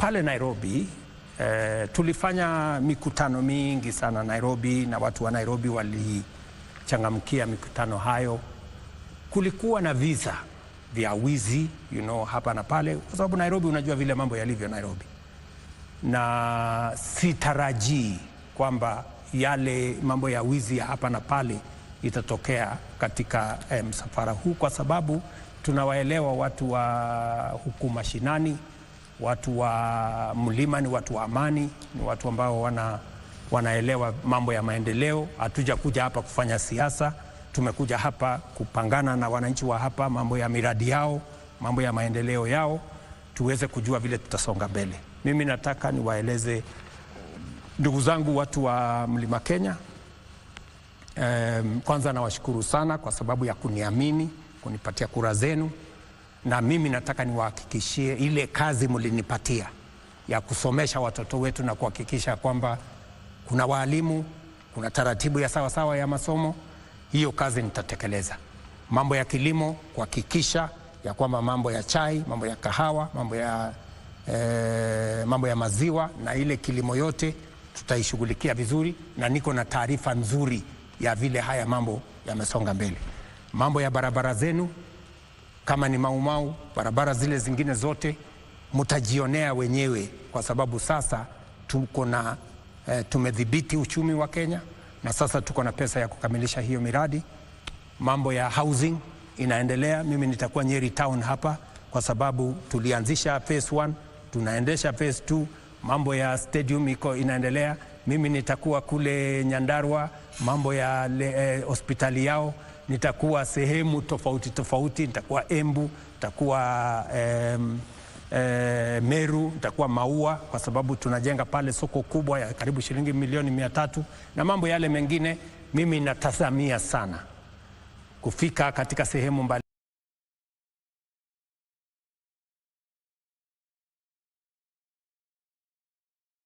pale Nairobi e, tulifanya mikutano mingi sana Nairobi na watu wa Nairobi walichangamkia mikutano hayo. Kulikuwa na visa vya wizi you know, hapa na pale, kwa sababu Nairobi, unajua vile mambo yalivyo Nairobi, na sitarajii kwamba yale mambo ya wizi ya hapa na pale itatokea katika eh, msafara um, huu kwa sababu tunawaelewa watu wa huku mashinani watu wa mlima ni watu wa amani, ni watu ambao wana, wanaelewa mambo ya maendeleo. Hatuja kuja hapa kufanya siasa, tumekuja hapa kupangana na wananchi wa hapa, mambo ya miradi yao, mambo ya maendeleo yao, tuweze kujua vile tutasonga mbele. Mimi nataka niwaeleze ndugu zangu watu wa mlima Kenya. Um, kwanza nawashukuru sana kwa sababu ya kuniamini kunipatia kura zenu na mimi nataka niwahakikishie ile kazi mlinipatia ya kusomesha watoto wetu na kuhakikisha kwamba kuna waalimu, kuna taratibu ya sawasawa sawa ya masomo. Hiyo kazi nitatekeleza. Mambo ya kilimo, kuhakikisha ya kwamba mambo ya chai, mambo ya kahawa, mambo ya, eh, mambo ya maziwa na ile kilimo yote tutaishughulikia vizuri, na niko na taarifa nzuri ya vile haya mambo yamesonga mbele. Mambo ya barabara zenu kama ni Maumau, barabara zile zingine zote mtajionea wenyewe, kwa sababu sasa tuko na e, tumedhibiti uchumi wa Kenya na sasa tuko na pesa ya kukamilisha hiyo miradi. Mambo ya housing inaendelea. Mimi nitakuwa Nyeri town hapa, kwa sababu tulianzisha phase 1 tunaendesha phase 2 mambo ya stadium iko inaendelea. Mimi nitakuwa kule Nyandarua, mambo ya le, e, hospitali yao nitakuwa sehemu tofauti tofauti, nitakuwa Embu, nitakuwa um, E, Meru itakuwa Maua kwa sababu tunajenga pale soko kubwa ya karibu shilingi milioni mia tatu na mambo yale mengine. Mimi natazamia sana kufika katika sehemu mbalimbali.